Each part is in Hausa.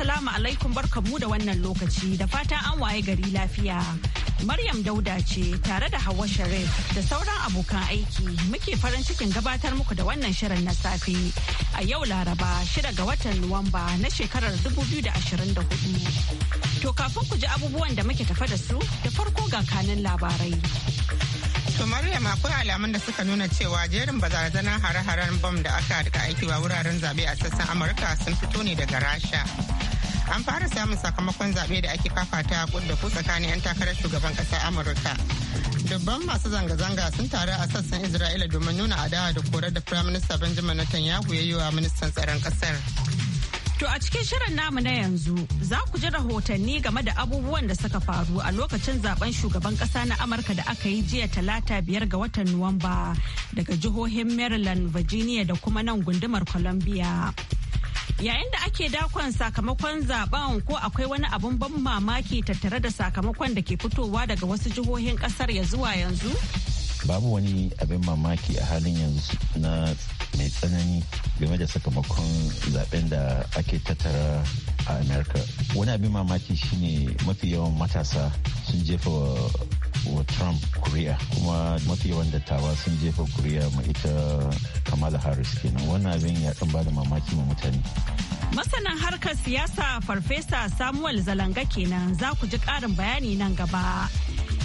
Assalamu alaikum barkamu da wannan lokaci da fatan an waye gari lafiya. Maryam Dauda ce tare da Hauwa Sharif da sauran abokan aiki muke farin cikin gabatar muku da wannan shirin na safe a yau Laraba shida ga watan Nuwamba na shekarar 2024. To kafin ku ji abubuwan da muke tafa da su da farko ga kanin labarai. To Maryam akwai alamun da suka nuna cewa jerin barazanar hare-haren bom da aka aiki wa wuraren zabe a sassan Amurka sun fito ne daga Rasha. an fara samun sakamakon zaɓe da ake fafata da ku tsakanin 'yan takarar shugaban ƙasar amurka dubban masu zanga-zanga sun taru a sassan isra'ila domin nuna adawa da korar da firayim minista benjamin netanyahu ya yi wa ministan tsaron ƙasar To a cikin shirin namu na yanzu za ku ji rahotanni game da abubuwan da suka faru a lokacin zaben shugaban kasa na Amurka da aka yi jiya talata biyar ga watan Nuwamba daga jihohin Maryland, Virginia da kuma nan gundumar Columbia. yayin da ake dakon sakamakon zaben ko akwai wani abun ban mamaki tattare da sakamakon da ke fitowa daga wasu jihohin kasar ya zuwa yanzu babu wani abin mamaki a halin yanzu na mai tsanani game da sakamakon zaben da ake tattara a america wani abin mamaki shine mafi yawan matasa sun jefa wa trump kuri'a kuma mafi yawan dattawa sun jefa kuri'a mai ita kamala harris kenan wannan abin ya kan bada mamaki ma mutane masanan harkar siyasa farfesa samuel zalanga kenan za ku ji karin bayani nan gaba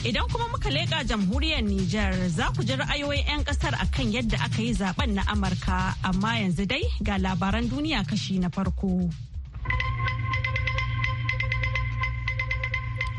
idan kuma muka leƙa jamhuriyar niger za ku ji ra'ayoyin 'yan kasar akan yadda aka yi zaben na amurka amma yanzu dai ga labaran duniya kashi na farko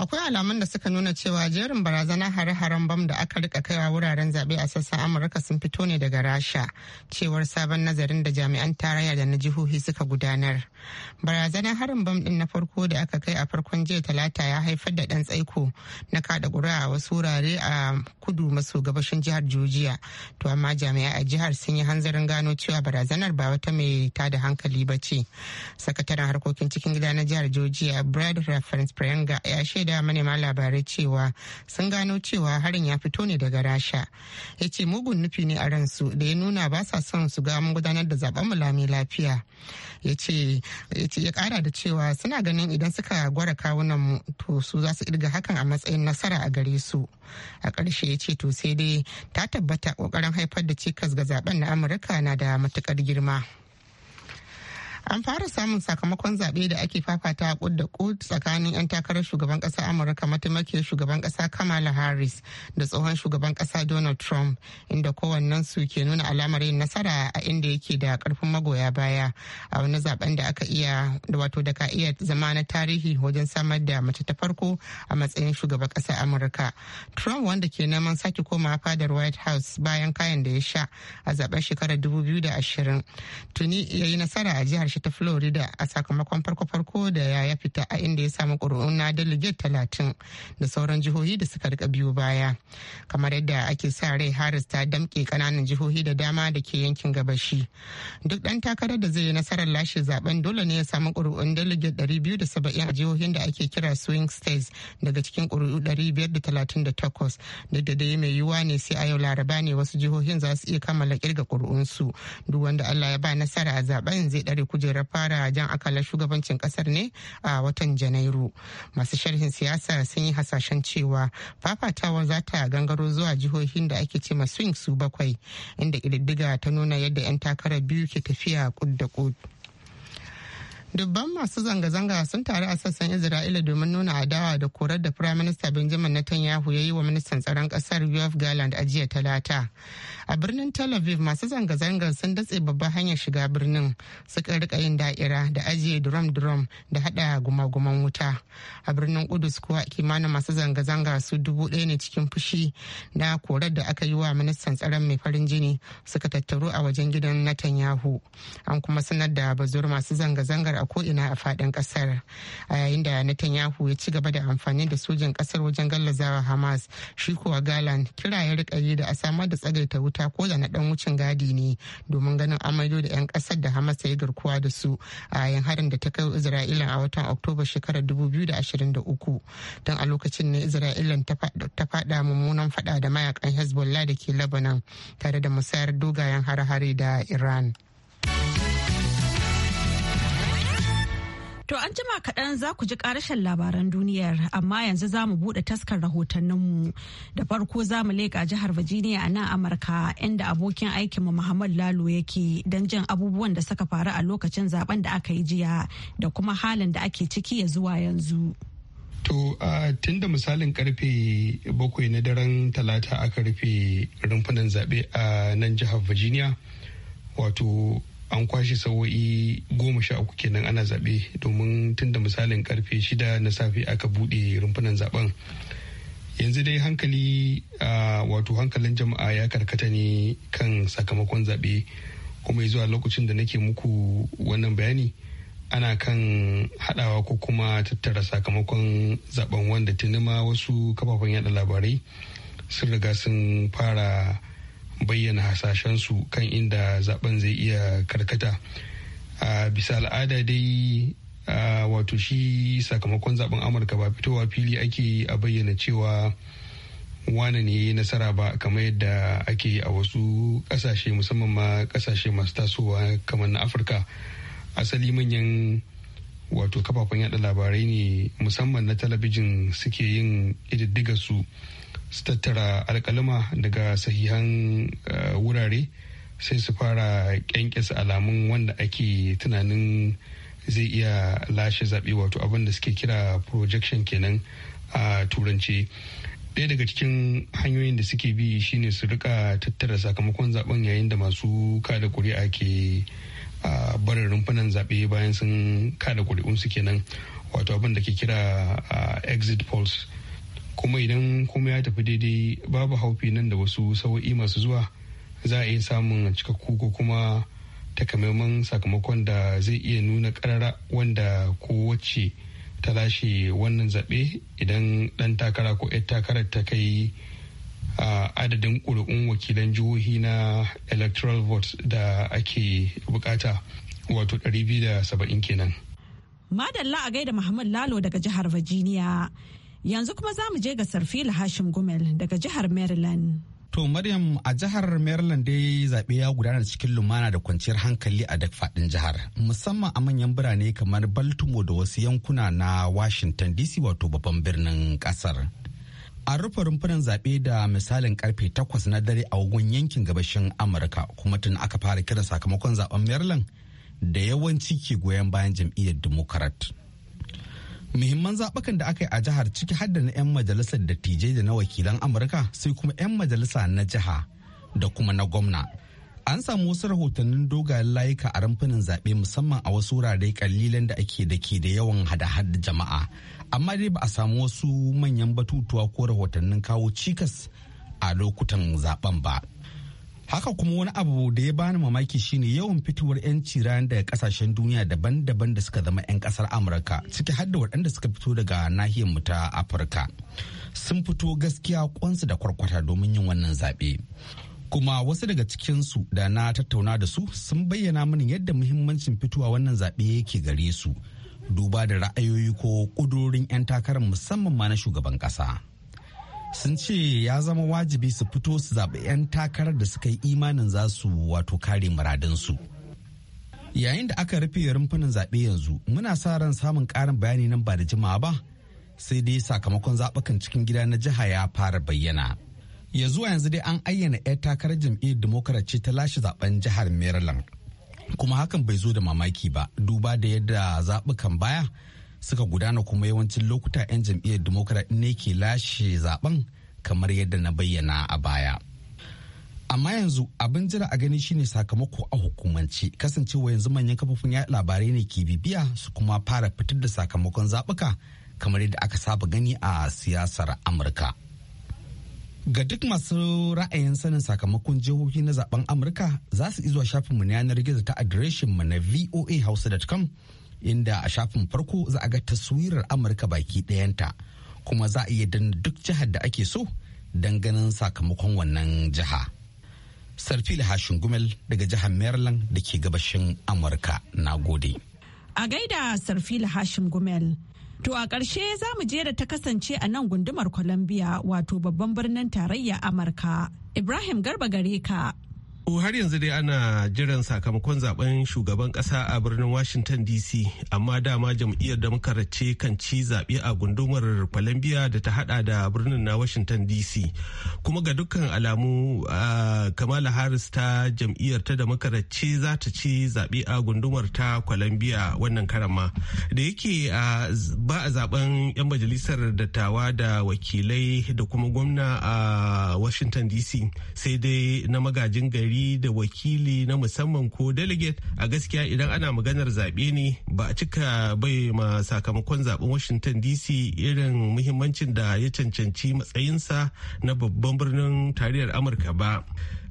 akwai alamun da suka nuna cewa jerin barazana hare-haren bam da aka rika kaiwa wuraren zaɓe a sassan amurka sun fito ne daga rasha cewar sabon nazarin da jami'an tarayya da na jihohi suka gudanar barazanar harin bam din na farko da aka kai a farkon jiya talata ya haifar da ɗan tsaiko na kada ƙuri'a a wasu wurare a kudu maso gabashin jihar georgia to amma jami'ai a jihar sun yi hanzarin gano cewa barazanar ba wata mai tada hankali ba ce sakataren harkokin cikin gida na jihar georgia brad reference prianga ya shaida gaya manema labarai cewa sun gano cewa harin ya fito ne daga rasha ya ce mugun nufi ne a ransu da ya nuna ba sa son su ga mun gudanar da zaben mu lami lafiya ya ce ya kara da cewa suna ganin idan suka gwara kawunan mu to su za su irga hakan a matsayin nasara a gare su a ƙarshe ya ce to sai dai ta tabbata ƙoƙarin haifar da cikas ga zaben na amurka na da matukar girma. an fara samun sakamakon zaɓe da ake fafata a da tsakanin 'yan takarar shugaban ƙasa amurka mataimakiyar shugaban ƙasa kamala harris da tsohon shugaban ƙasa donald trump inda kowannen su ke nuna alamar yin nasara a inda yake da ƙarfin magoya baya a wani zaben da aka iya da wato da ka iya zama na tarihi wajen samar da mace ta farko a matsayin shugaban ƙasa amurka trump wanda ke neman sake komawa fadar white house bayan kayan da ya sha a zaben shekarar 2020 tuni ya yi nasara a jihar shi ta florida a sakamakon farko-farko da ya ya fita a inda ya samu ƙuri'un na delegate talatin da sauran jihohi da suka rika biyu baya kamar yadda ake sa rai harris ta damƙe ƙananan jihohi da dama da ke yankin gabashi duk ɗan takarar da zai yi nasarar lashe zaben dole ne ya samu ƙuri'un delegate ɗari biyu da saba'in a jihohin da ake kira swing states daga cikin ƙuri'u ɗari biyar da talatin da takwas duk da dai mai yiwuwa ne sai a yau laraba ne wasu jihohin za su iya kammala ƙirga ƙuri'unsu duk wanda allah ya ba nasara a zaben zai ɗare kudu kujerar fara jan akalar shugabancin kasar ne a watan janairu masu sharhin siyasa sun yi hasashen cewa fafatawa za ta gangaro zuwa jihohin da ake ce swing su bakwai inda ƙididdiga ta nuna yadda 'yan takarar biyu ke tafiya kud da kud. dubban masu zanga-zanga sun taru a sassan isra'ila domin nuna adawa da korar da firaminista benjamin netanyahu ya yi wa ministan tsaron kasar yuf garland a jiya talata a birnin tel aviv masu zanga-zangar sun datse babbar hanyar shiga birnin suka rika yin da'ira da ajiye drum drum da hada gumaguman wuta a birnin kudus kuwa kimanin masu zanga-zanga su dubu ɗaya ne cikin fushi na korar da aka yi wa ministan tsaron mai farin jini suka tattaru a wajen gidan netanyahu an kuma sanar da bazur masu zanga-zangar a ko'ina a faɗin ƙasar a yayin da netanyahu ya ci gaba da amfani da sojin ƙasar wajen gallazawa hamas shi kuwa galan kira ya da a samar da tsagaita wuta ko da na ɗan wucin gadi ne domin ganin amaido da 'yan ƙasar da hamas ya garkuwa da su a yayin harin da ta kai isra'ila a watan oktoba shekarar 2023 don a lokacin ne isra'ila ta faɗa mummunan faɗa da mayakan hezbollah da ke lebanon tare da musayar dogayen hare-hare da iran To an jima kaɗan za ku ji ƙarashin labaran duniyar amma yanzu za mu buɗe taskar rahotanninmu da farko za mu leƙa jihar Virginia a nan Amurka inda abokin aikinmu Muhammad Lalo yake don jin abubuwan da suka faru a lokacin zaben da aka yi jiya da kuma halin da ake ciki ya zuwa yanzu. To tun da misalin karfe bakwai na daren talata aka rufe rumfunan zaɓe a nan jihar Virginia wato an kwashe sawo'i goma sha uku kenan ana zaɓe domin tun da misalin karfe shida na safe aka buɗe rumfunan zaben yanzu dai hankali wato hankalin jama'a ya karkata ne kan sakamakon zaɓe kuma zuwa lokacin da nake muku wannan bayani ana kan haɗawa ko kuma tattara sakamakon zaben wanda tunima wasu kafafen yada labarai sun riga sun fara bayyana hasashen su kan inda zaben zai iya karkata a bisa al'ada dai wato shi sakamakon zaben amurka ba fitowa fili ake a bayyana cewa wane ne nasara ba kamar yadda ake a wasu kasashe musamman ma kasashe masu tasowa kamar na afirka asali manyan wato kafafen yada labarai ne musamman na talabijin suke yin su su tattara alkalima daga sahihan eh, wurare sai su fara kyankyasa alamun wanda ake tunanin zai iya lashe zaɓe wato abin da suke kira projection kenan a turanci ɗaya daga cikin hanyoyin da suke bi shine su rika tattara sakamakon zaben yayin da masu kada kuri'a ke barin rumfunan zaɓe bayan sun kada kuri'unsu kenan wato abin da ke kira exit polls kuma idan kuma ya tafi daidai babu haufi nan da wasu sawa'i masu zuwa za a iya samun cikakku ko kuma takamaiman sakamakon da zai iya nuna karara wanda kowace ta lashe wannan zaɓe idan ɗan takara ko 'yar takarar ta kai a adadin ƙuri'un wakilan jihohi na electoral vote da ake bukata wato 270 kenan. Madalla a gaida Muhammad Lalo daga jihar Virginia. Yanzu kuma za mu je ga Sarfila Hashim Gumel daga jihar Maryland. To Maryam a jihar Maryland dai zaɓe ya gudana cikin lumana da kwanciyar hankali a duk faɗin jihar musamman a manyan birane kamar Baltimore da wasu yankuna na Washington DC wato babban birnin ƙasar. a rufe rumfunan zaɓe da misalin karfe takwas na dare a wagon yankin gabashin Amurka kuma tun aka fara kiran sakamakon zaben Maryland da yawanci ke goyon bayan jam'iyyar Democrat. muhimman zaɓukan da aka yi a jihar ciki har da na 'yan majalisar dattijai da na wakilan amurka sai kuma 'yan majalisa na jiha da kuma na gwamna an samu wasu rahotannin dogayen layuka a rumfunan zaɓe musamman a wasu wurare kalilan da ake da ke da yawan hada-hada jama'a amma dai ba a samu wasu manyan batutuwa ko rahotannin kawo cikas a lokutan zaben ba haka kuma wani abu da ya bani mamaki shine yawan fitowar 'yanci ranar daga kasashen duniya daban-daban da suka zama 'yan kasar amurka ciki har da waɗanda suka fito daga nahiyar mu ta afirka sun fito gaskiya kwansu da kwarkwata domin yin wannan zaɓe kuma wasu daga cikinsu da na tattauna da su sun bayyana mini yadda muhimmancin fitowa wannan zaɓe yake gare su duba da ra'ayoyi ko ƙudurorin 'yan takarar musamman ma na shugaban ƙasa. sun ce ya zama wajibi su fito su zaɓi 'yan takarar da suka yi imanin za su wato kare muradinsu. Yayin da aka rufe rumfunan zaɓe yanzu muna sa ran samun ƙarin bayani nan ba da jimawa ba sai dai sakamakon zaɓukan cikin gida na jiha ya fara bayyana. Ya zuwa yanzu dai an ayyana 'yan takarar jam'iyyar Democrat ce ta lashe zaɓen jihar Maryland. Kuma hakan bai zo da mamaki ba duba da yadda zaɓukan baya suka gudana kuma yawancin lokuta 'yan jam'iyyar democrat ne ke lashe zaben kamar yadda na bayyana a baya amma yanzu abin jira a gani shine sakamako a hukumance kasancewa yanzu manyan kafofin yaɗa labarai ne ke bibiya su kuma fara fitar da sakamakon zaɓuka kamar yadda aka saba gani a siyasar amurka ga duk masu ra'ayin sanin sakamakon jihohi na zaben amurka za su izuwa shafinmu na yanar gizo ta adireshinmu na voa hausa.com inda a shafin farko za a ga taswirar amurka baki ɗayanta kuma za a iya danna duk jihar da ake so don ganin sakamakon wannan jiha sarfil hashin gumel daga jihar maryland da ke gabashin amurka na gode a gaida sarfil Lahashin gumel To a ƙarshe za mu je da ta kasance a nan gundumar Columbia wato babban birnin tarayya Amurka. Ibrahim Garba gare ka. To har yanzu dai ana jiran sakamakon zaben shugaban kasa a birnin Washington DC, amma dama jam'iyyar muka race kan ci zaɓe a gundumar Columbia da ta hada da birnin na Washington DC. Kuma ga dukkan alamu Kamala Harris ta jam'iyyar ta muka race za ta ci zaɓe a gundumar ta Columbia wannan karan Da yake ba a zaben 'yan majalisar dattawa da wakilai da kuma gwamna a Washington DC sai dai na magajin gari la'akari da wakili na musamman ko delegate a gaskiya idan ana maganar zaɓe ne ba a cika bai ma sakamakon zaben washington dc irin muhimmancin da ya cancanci matsayinsa na babban birnin tariyar amurka ba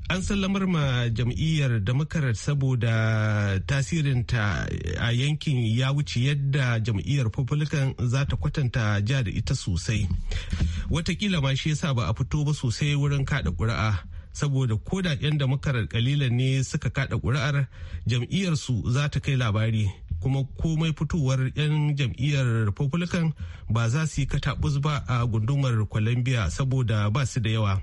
an sallamar ma jam'iyyar democrat saboda tasirin ta a yankin ya wuce yadda jam'iyyar republican za ta kwatanta ja da ita sosai watakila ma shi yasa ba a fito ba sosai wurin kada ƙuri'a saboda koda 'yan da makarar kalilan ne suka kada ƙuri'ar jam'iyyarsu za ta kai labari kuma komai fitowar 'yan jam'iyyar republican ba za su yi kataɓus ba a gundumar columbia saboda ba su da yawa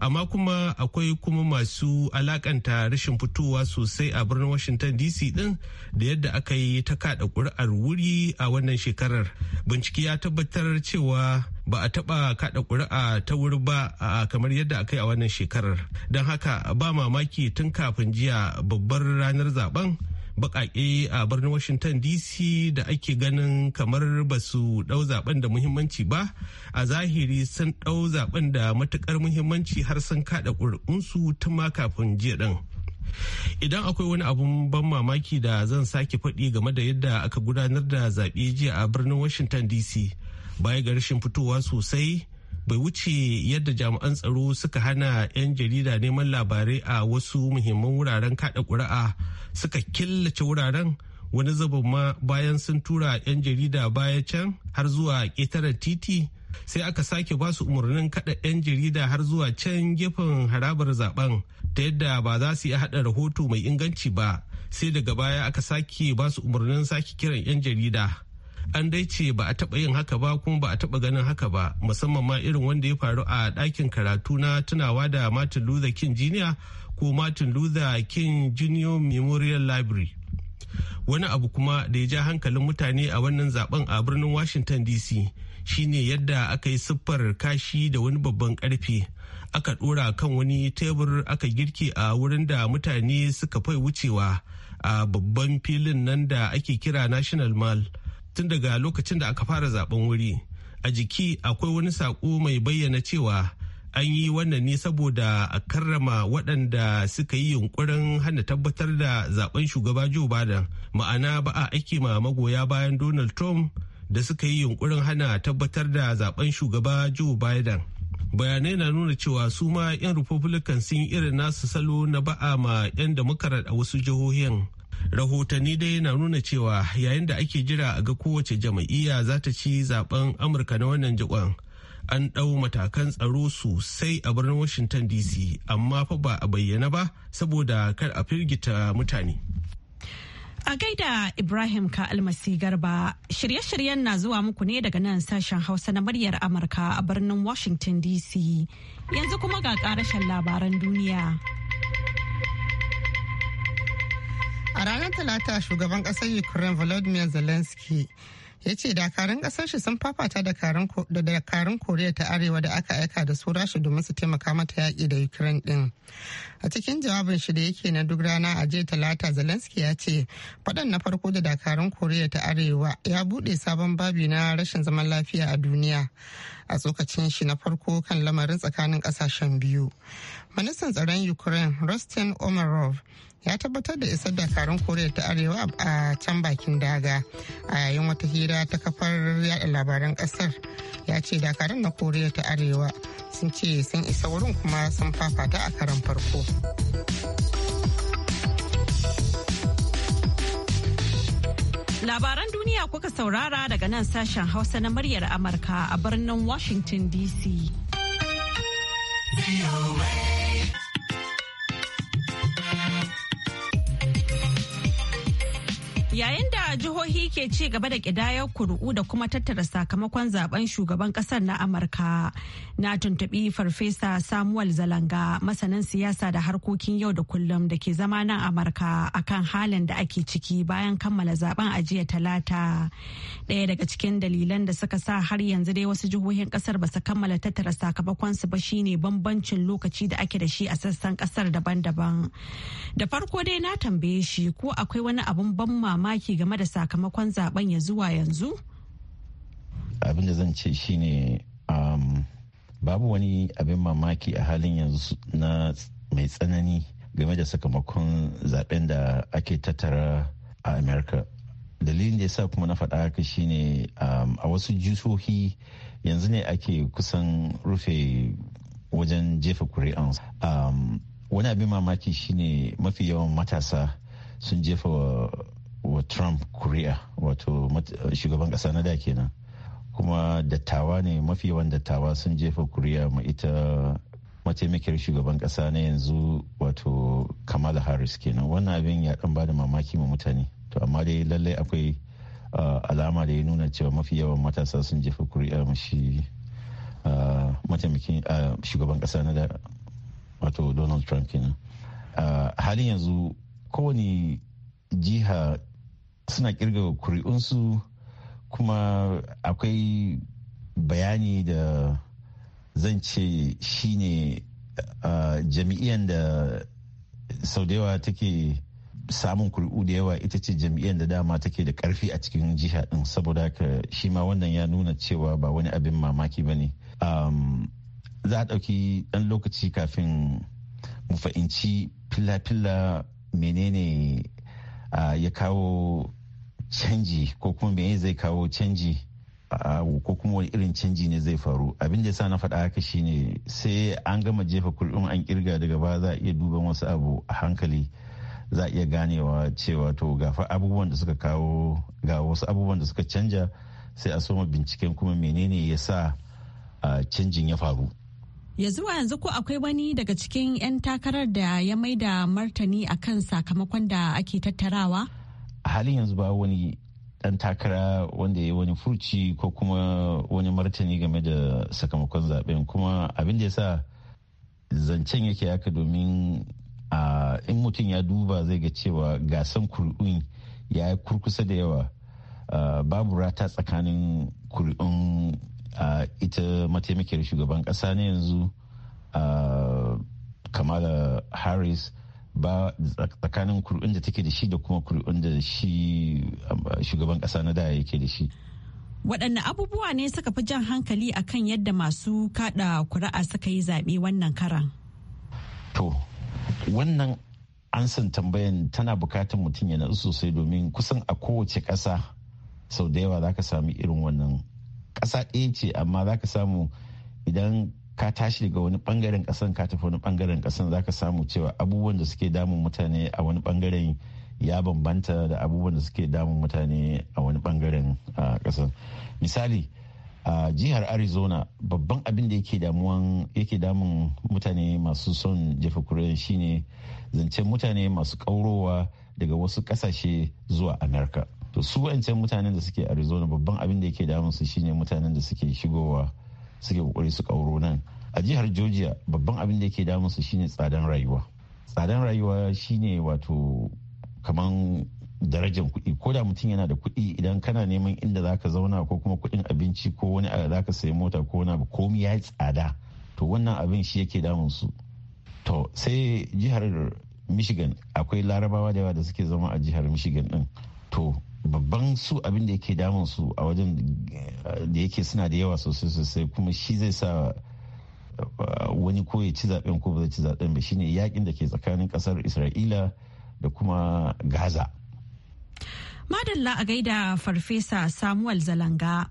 amma kuma akwai kuma masu alakanta rashin fitowa sosai a birnin washington dc din da yadda aka yi ta kada kuri'ar wuri a wannan shekarar bincike ya tabbatar cewa ba a taba kada kuri'a ta wuri ba kamar yadda aka yi a wannan shekarar don haka ba mamaki tun kafin jiya babbar ranar zaben baƙaƙe a birnin washington dc da ake ganin kamar basu su ɗau zaben da muhimmanci ba a zahiri sun dau zaben da matukar muhimmanci har sun kaɗa ƙuri'unsu tun ma kafin jiya din. idan akwai wani abun ban mamaki da zan sake faɗi game da yadda aka gudanar da zaɓe jiya a birnin washington dc baya ga rashin fitowa sosai bai wuce yadda jami'an tsaro suka hana 'yan jarida neman labarai a wasu muhimman wuraren kada ƙuri'a suka killace wuraren wani zubin ma bayan sun tura 'yan jarida baya can har zuwa ƙetaren titi sai aka sake ba su umarnin kada 'yan jarida har zuwa can gefen harabar zaben ta yadda ba za su yi haɗa rahoto mai inganci ba sai daga baya aka sake ba su umarnin sake kiran 'yan jarida an dai ce ba a taba yin haka ba kuma ba a taɓa ganin haka ba musamman ma irin wanda ya faru a ɗakin karatu na tunawa da martin luther king jr ko martin luther king junior memorial library wani abu kuma da ya ja hankalin mutane a wannan zaben a birnin washington dc shine yadda aka yi siffar kashi da wani babban karfe aka dora kan wani tebur aka girke a wurin da mutane suka fai wucewa a babban filin nan da ake kira national mall tun daga lokacin da aka fara zaben wuri a jiki akwai wani saƙo mai bayyana cewa an yi wannan ne saboda a karrama waɗanda suka yi yunkurin hana tabbatar da zaben shugaba Joe Biden ma'ana ba a aiki ma magoya bayan Donald Trump da suka yi yunkurin hana tabbatar da zaben shugaba Joe Biden. Bayanai na nuna cewa su ma 'yan Republican sun irin nasu salo na ba'a ma 'yan demokrat a wasu jihohin rahotanni dai na nuna cewa yayin da ake jira a ga kowace jam'iyya za ta ci zaben amurka na wannan jikon an ɗau matakan tsaro sosai a birnin washington dc amma fa ba a bayyana ba saboda kar a firgita mutane A gaida Ibrahim ka almasi garba shirye-shiryen na zuwa muku ne daga nan sashen Hausa na muryar Amurka a birnin Washington DC. Yanzu kuma ga karashen labaran duniya. A ranar Talata shugaban ƙasar Ukraine Volodymyr Zelensky ya ce dakarun ƙasar shi sun fafata da dakarun Koriya ta Arewa da aka aika da su rashi domin su taimaka mata yaƙi da Ukraine ɗin. A cikin jawabin shi da yake na duk rana a jiya Talata Zelensky ya ce faɗan na farko da dakarun Koriya ta Arewa ya buɗe sabon babi na rashin zaman lafiya a duniya. a tsokacin shi na farko kan lamarin tsakanin kasashen biyu. Ministan tsaron Ukraine Rustin Omarov ya tabbatar da isar dakarun koriya ta arewa a can bakin daga a yayin wata hira ta kafar yada labaran kasar ya ce dakarun na koriya ta arewa sun ce sun isa wurin kuma sun fafata a karan farko labaran duniya kuka saurara daga nan sashen hausa na muryar amurka a birnin washington dc Ja, da jihohi ke ci gaba da ƙidayar kuri'u da kuma tattara sakamakon zaben shugaban ƙasar na Amurka. Na tuntubi Farfesa Samuel Zalanga masanin siyasa da harkokin yau da kullum da ke zama nan Amurka akan halin da ake ciki bayan kammala zaben a talata. Ɗaya daga cikin dalilan da suka sa har yanzu dai wasu jihohin ƙasar ba su kammala tattara sakamakon su ba shine bambancin lokaci da ake da shi a sassan ƙasar daban-daban. Da farko dai na tambaye shi ko akwai wani abun ban mamaki game da sakamakon zaben ya zuwa yanzu? Abin da zan ce shine um, babu wani abin mamaki a halin yanzu na mai tsanani game da sakamakon zaben da ake tattara a Amerika. Dalilin da ya sa kuma na faɗa haka shine um, a wasu jisohi yanzu ne ake kusan rufe wajen jefa kuri'an. Um, wani abin mamaki shine mafi yawan matasa sun jefa wa trump korea wato shugaban kasa na da kenan kuma dattawa ne mafi yawan dattawa sun jefa korea ma ita mataimakiyar shugaban kasa na yanzu wato kamala harris kenan wannan abin ya dan bada mamaki ma mutane to amma dai lallai akwai alama da ya nuna cewa mafi yawan matasa sun jefa kuri'a shi mataimakin shugaban kasa na da wato donald trump kenan halin yanzu kowane jiha suna kirga kuri'unsu kuma akwai bayani da zan ce ne jami'iyyar da sau da yawa take samun kuri'u da yawa ita ce jam'iyyar da dama take da karfi a cikin jiha din saboda haka shi ma wannan ya nuna cewa ba wani abin mamaki ba ne za a ɗauki ɗan lokaci kafin mu fahimci fila-fila menene ya kawo canji ko kuma me zai kawo canji ko kuma wani irin canji ne zai faru abin da sa na faɗa haka shine sai an gama jefa kulɗin an kirga daga ba za a iya duban wasu abu a hankali za a iya ganewa cewa to gafa abubuwan da suka kawo ga wasu abubuwan da suka canja sai a soma binciken kuma menene ya sa canjin ya faru ya zuwa yanzu ko akwai wani daga cikin 'yan takarar da ya maida martani akan sakamakon da ake tattarawa a halin yanzu ba wani dan takara wanda ya wani furci ko kuma wani martani game da sakamakon zaben kuma abin da ya sa zancen yake haka domin a in mutum ya duba zai ga cewa gasan kuri'un ya yi kurkusa da yawa babu rata tsakanin kuri'un ita mataimakiyar shugaban kasa na yanzu kamala harris ba tsakanin kuri'un da take da shi da kuma kuri'un da shi um, shugaban kasa na da yake da shi waɗanne abubuwa ne suka fi jan hankali akan yadda masu kaɗa kuri'a suka yi zaɓe wannan karan to wannan ansan tambayan tana bukatar mutum ya nasu sosai domin kusan a kowace ƙasa sau da yawa za ka sami irin wannan ƙasa ɗaya ce amma za ka samu idan ka tashi daga wani bangaren kasan ka tafi wani bangaren kasan ka samu cewa abubuwan da suke damun mutane a wani bangaren ya bambanta da abubuwan da suke damun mutane a wani bangaren kasan misali a jihar arizona babban abin da yake damun mutane masu son jefa kuriyar shine zancen mutane masu kaurowa daga wasu kasashe zuwa amurka to su wancan mutanen da suke arizona babban abin da yake damun su shine mutanen da suke shigowa suke kokari su kauro nan a jihar georgia babban abin da ke damun su shine tsadan rayuwa tsadan rayuwa shine wato kaman darajar kuɗi ko da mutum yana da kuɗi idan kana neman inda zaka zauna ko kuma kuɗin abinci ko wani zaka sayi mota ko wani komi ya tsada to wannan abin shi yake damun su to sai jihar michigan akwai larabawa da yawa da suke zama a jihar michigan din to babban su abin da yake damun su a wajen eh, da yake suna da yawa sosai sosai kuma shi zai sa eh, wani ko ya ci zaben ko ba zai ci zaben ba shine yakin da ke tsakanin kasar isra'ila da kuma gaza madalla a gaida farfesa samuel zalanga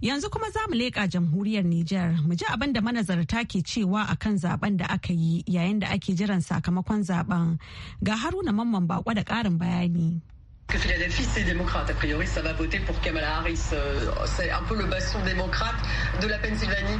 yanzu kuma za mu leƙa jamhuriyar niger mu ji abin da manazarta ke cewa akan zaben da aka yi yayin da ake jiran sakamakon zaben ga haruna mamman bako da ƙarin bayani Que Philadelphie, c'est démocrate. A priori, ça va voter pour Kamala Harris. Euh, c'est un peu le bastion démocrate de la Pennsylvanie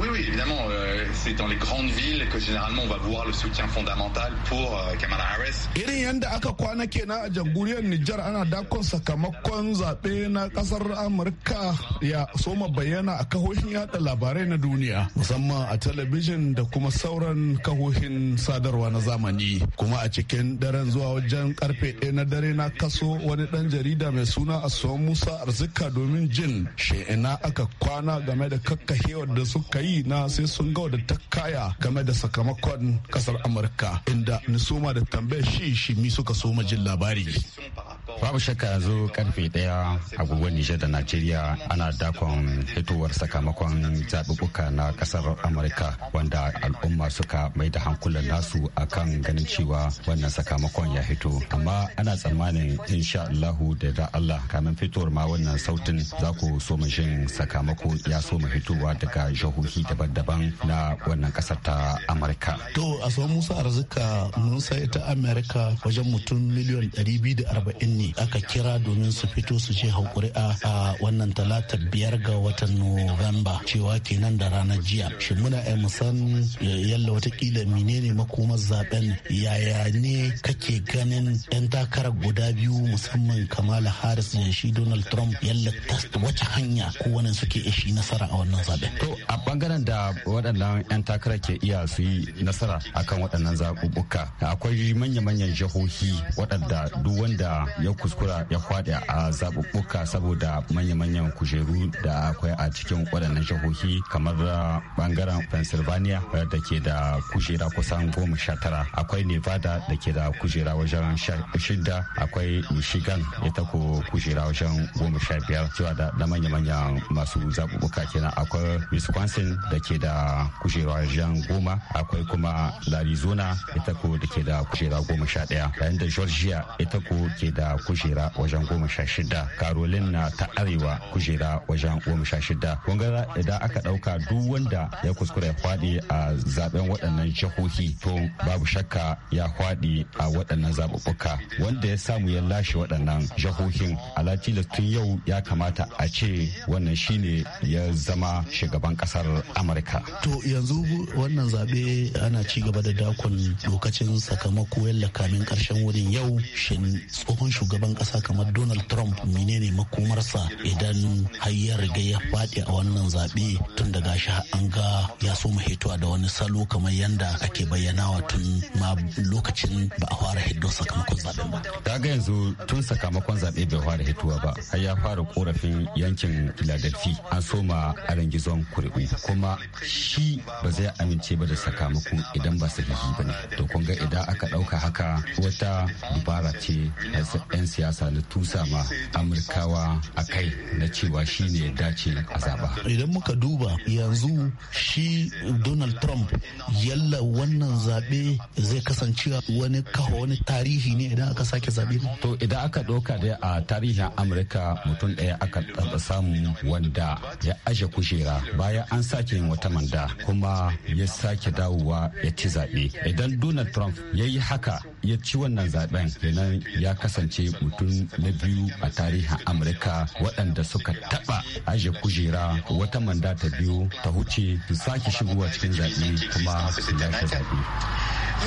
Oui, oui, évidemment. Euh, c'est dans les grandes villes que généralement on va voir le soutien fondamental pour euh, Kamala Harris. Irin yanda aka kwana kenan a jamhuriyar Nijar ana dakon sakamakon zaɓe na ƙasar Amurka ya soma bayyana a kahohin yada labarai na duniya musamman a talabijin da kuma sauran kahohin sadarwa na zamani kuma a cikin daren zuwa wajen karfe ɗaya na dare na kaso wani ɗan jarida mai suna Asuwa Musa Arzika domin jin ina aka kwana game da kakkahewar da suka yi yi na sai sun ga da ta kaya game da sakamakon kasar amurka inda ni da tambayar shi shi mi suka soma jin labari babu shakka yanzu karfe daya agogon nijar da najeriya ana dakon hitowar sakamakon zaɓuɓɓuka na ƙasar amurka wanda al'umma suka mai da hankulan nasu akan ganin cewa wannan sakamakon ya hito amma ana tsammanin insha allahu da da allah kamin fitowar ma wannan sautin za ku so mu shin sakamako ya so mu fitowa daga jihohi daban-daban na wannan ƙasar ta amurka to a musa arzika mun sai ta amurka wajen mutum miliyan arba'in ne aka kira domin su fito su je haƙuri a wannan talata biyar ga watan novemba cewa kenan da rana jiya. Shi muna ai musan yalla watakila menene makomar zaben yaya ne kake ganin 'yan takarar guda biyu musamman Kamala Harris da shi Donald Trump yalla wace hanya ko wannan suke ishi nasara a wannan zaben. To a bangaren da waɗannan 'yan takara ke iya su yi nasara akan waɗannan zaɓuɓɓuka akwai manya-manyan jihohi waɗanda duk wanda ya kuskura ya kwaɗe a zaɓuɓɓuka saboda manya-manyan kujeru da akwai a cikin waɗannan jihohi kamar bangaren uh, pennsylvania uh, da ke da kujera kusan goma sha tara akwai nevada da ke da kujera wajen shida akwai michigan ita ko kujera wajen goma sha biyar cewa da manya-manyan masu zaɓuɓɓuka kenan akwai wisconsin da ke da kujera wajen goma akwai kuma arizona ita ko da ke da kujera goma sha ɗaya yayin da georgia ita ko ke da kujera wajen goma sha shida carolina ta arewa kujera wajen goma sha shida wangara idan aka ɗauka duk wanda ya kuskura ya kwaɗe a zaben waɗannan jihohi to babu shakka ya kwaɗe a waɗannan zaɓuɓɓuka wanda ya samu ya lashe waɗannan jihohin alatila tun yau ya kamata a ce wannan shine ya zama shugaban ƙasar amurka to yanzu wannan zaɓe ana ci gaba da dakon lokacin sakamako yalla kamin ƙarshen wurin yau shin tsohon shugaban shugaban kasa kamar donald trump menene makomarsa idan har ya ya faɗi a wannan zaɓe tun da shi an ga ya so mu hitowa da wani salo kamar yanda ake bayyanawa tun ma lokacin ba a fara hiddo sakamakon zaɓen ba. daga yanzu tun sakamakon zaɓe bai fara hituwa ba har ya fara korafin yankin Philadelphia an soma arin gizon kuri'u kuma shi ba zai amince ba da sakamakon idan ba sahihi ba ne. To kun ga idan aka ɗauka haka wata dubara ce 'yan siyasa na tusa ma amurkawa a kai na cewa shi ne ya dace a zaba idan muka duba yanzu shi donald trump yalla wannan zabe zai kasance wani kawo wani tarihi ne idan aka sake zaɓe to idan aka ɗauka dai a tarihin amurka mutum ɗaya aka taɓa samu wanda ya aje kujera bayan an sake yin wata manda kuma ya sake dawowa ya ci zaɓe idan donald trump ya yi haka ya ci wannan zaɓen kenan ya kasance Vous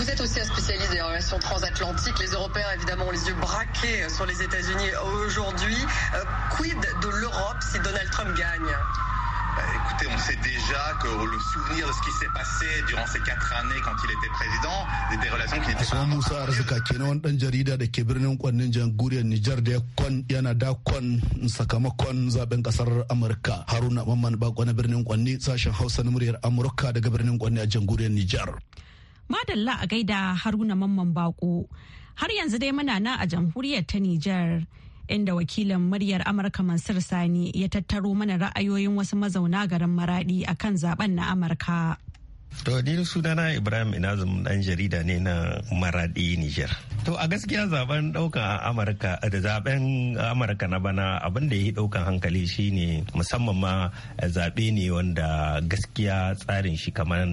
êtes aussi un spécialiste des relations transatlantiques. Les Européens, évidemment, ont les yeux braqués sur les États-Unis aujourd'hui. Euh, quid de l'Europe si Donald Trump gagne écoutez, on sait déjà que le souvenir de ce qui s'est passé durant ces quatre années quand il était président, des relations qui n'étaient pas... Musa Arzika kenan wani dan jarida da ke birnin kwannin jamhuriyar Nijar da kwan yana da kwan sakamakon zaben kasar Amurka. Haruna Mamman Bako na birnin kwanni sashen Hausa na muryar Amurka daga birnin kwanni a jamhuriyar Nijar. Madalla a gaida Haruna Mamman Bako. Har yanzu dai muna na a jamhuriyar ta Nijar. inda wakilin muryar Amurka Mansur Sani ya tattaro mana ra'ayoyin wasu mazauna garin Maradi akan zaben na Amurka. To ni sunana Ibrahim Inazum dan jarida ne na Maradi Niger. To a gaskiya zaben daukan Amurka da zaben Amurka na bana abin da ya yi ɗaukan hankali shine musamman ma zabe ne wanda gaskiya tsarin shi kamar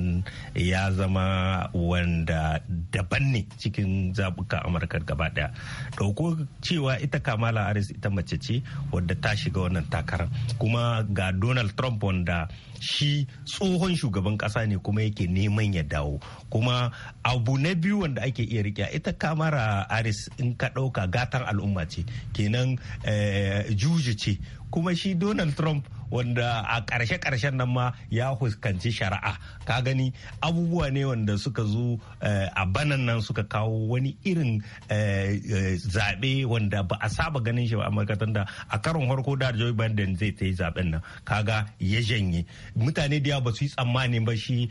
ya zama wanda daban ne cikin zabukan Amurka gaba daya. ɗauko cewa ita Kamala Harris ita mace ce wadda ta shiga wannan takarar kuma ga Donald Trump wanda shi tsohon shugaban kasa ne kuma yake neman ya dawo kuma abu na biyu wanda ake iya rike ita kamara aris in ka ɗauka gatan al'umma ce kenan eh, juji ce kuma shi donald trump wanda a ƙarshe ƙarshen nan ma ya fuskanci shari'a ka gani abubuwa ne wanda suka zo eh, a banan nan suka kawo wani irin eh, eh, zaɓe wanda ba a saba ganin shi ba amurka da a karon farko da joe biden zai ta yi zaɓen nan kaga ya janye mutane da ba su yi tsammani ba shi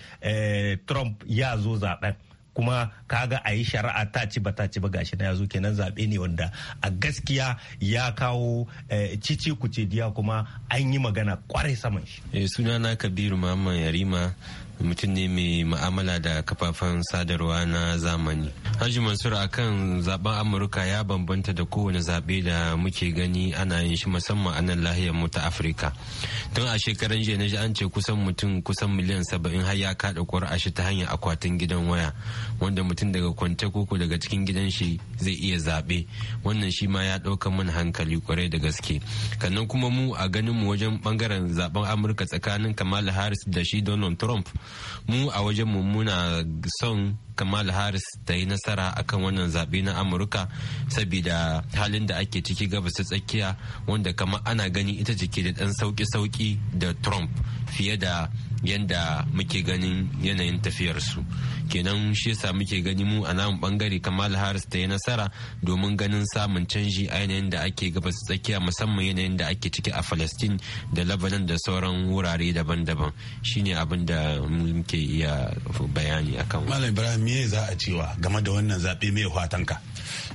trump ya zo zaɓen kuma kaga a yi shari'a ta ci ba ta ci ba gashi na yazo kenan zaɓe ne wanda a gaskiya ya kawo eh, cici kuce diya kuma an yi magana kwarai saman shi. Eh, sunana kabiru mamman yarima mutum ne mai ma'amala da kafafen sadarwa na zamani haji mansur akan zaben amurka ya bambanta da kowane zaɓe da muke gani ana yin shi musamman a nan lahiyar muta ta afirka tun a shekaran jiya na ji an ce kusan mutum kusan miliyan saba'in har ya kaɗa ƙwar'a shi ta hanyar akwatin gidan waya wanda mutum daga kwanta koko daga cikin gidan shi zai iya zaɓe wannan shi ma ya ɗauka mana hankali kwarai da gaske kannan kuma mu a ganin mu wajen ɓangaren zaben amurka tsakanin kamala harris da shi donald trump mu a wajen mu muna son kamal harris ta yi nasara akan wannan zaɓe na amurka saboda halin da ake ciki gabas ta tsakiya wanda kama ana gani ita ce da ɗan sauki-sauki da trump fiye da yanda muke ganin yanayin tafiyarsu kenan shi yasa muke gani mu a namun bangare kamal harris ta yi nasara domin ganin samun canji a yanayin da ake gabas tsakiya musamman yanayin da ake ciki a falastin da labanan da sauran wurare daban-daban shine abin da muke iya bayani akan malam ibrahim me za a cewa game da wannan zaɓe mai fatanka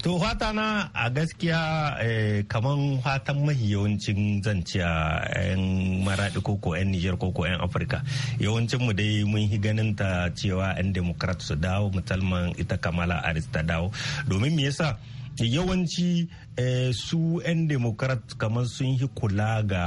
To fata na a gaskiya eh, kamar fatan mahi yawancin zance a 'yan maraɗi koko 'yan Nijar koko 'yan Afirka. Yawancin mu dai mun yi ganin ta cewa 'yan Democrat su dawo musamman ita Kamala Harris ta dawo. Domin me yasa? yawanci eh, su 'yan democrat kamar sun yi kula ga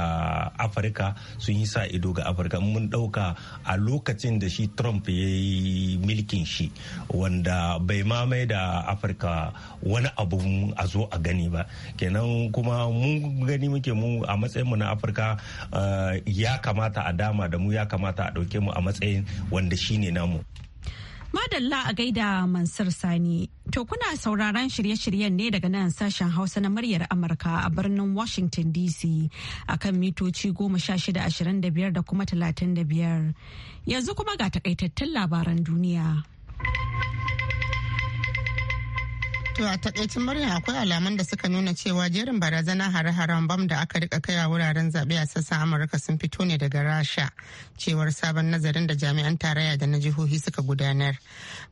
afirka sun yi sa ido ga afirka mun dauka a lokacin da shi trump ya yi milkin shi wanda bai mamaye da afirka wani abu a zo a gani ba kenan kuma mun gani muke mu a matsayinmu na afirka eh, ya kamata a dama da mu ya kamata a ɗauke mu a matsayin wanda shine namu Madalla a gaida Mansur Sani. To kuna sauraron shirye-shiryen ne daga nan sashen Hausa na muryar Amurka a birnin Washington DC a kan mitoci goma sha shida ashirin da biyar da kuma talatin da Yanzu kuma ga takaitattun labaran duniya. To a takaicin murya akwai alaman da suka nuna cewa jerin barazanar hare-haren bam da aka rika kaiwa wuraren zaɓe a sassan Amurka sun fito ne daga Rasha, cewar sabon nazarin da jami'an tarayya da na jihohi suka gudanar.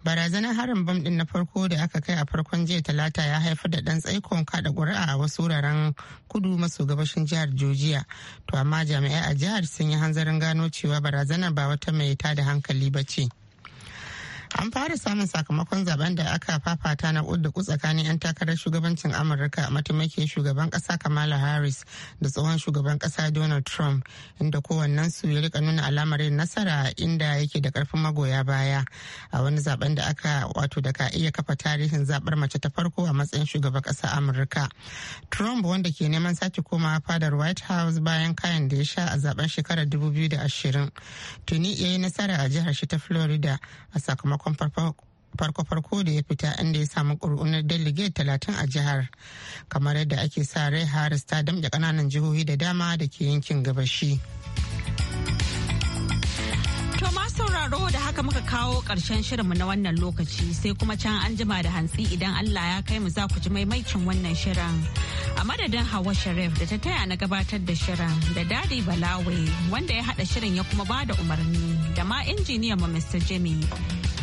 Barazanar harin bam din na farko da aka kai a farkon jiya talata ya haifar da ɗan tsaikon kaɗa ƙuri'a a wasu wuraren kudu maso gabashin jihar Jojiya. To amma jami'ai a jihar sun yi hanzarin gano cewa barazanar ba wata mai tada hankali ba ce. an fara samun sakamakon zaben da aka fafata na da tsakanin 'yan takarar shugabancin amurka mataimakin shugaban kasa kamala harris da tsohon shugaban kasa donald trump inda kowannensu ya rika nuna alamar yin nasara inda yake da karfin magoya baya a wani zaben da aka wato da ka iya kafa tarihin zabar mace ta farko a matsayin shugaban kasa amurka trump wanda ke neman sake koma fadar white house bayan kayan da ya sha a zaben shekarar 2020 tuni ya yi nasara a jihar shi ta florida a sakamakon sakamakon farko-farko da ya fita inda ya samu ƙuri'unar delegate talatin a jihar kamar yadda ake sa rai harris ta damƙe kananan jihohi da dama da ke yankin gabashi. To ma sauraro da haka muka kawo ƙarshen mu na wannan lokaci sai kuma can an jima da hantsi idan Allah ya kai mu za ku ji maimaicin wannan shirin. A madadin Hawa Sharif da ta taya na gabatar da shirin da Dadi Balawe wanda ya haɗa shirin ya kuma ba da umarni da ma injiniyan mu Mr. Jimmy.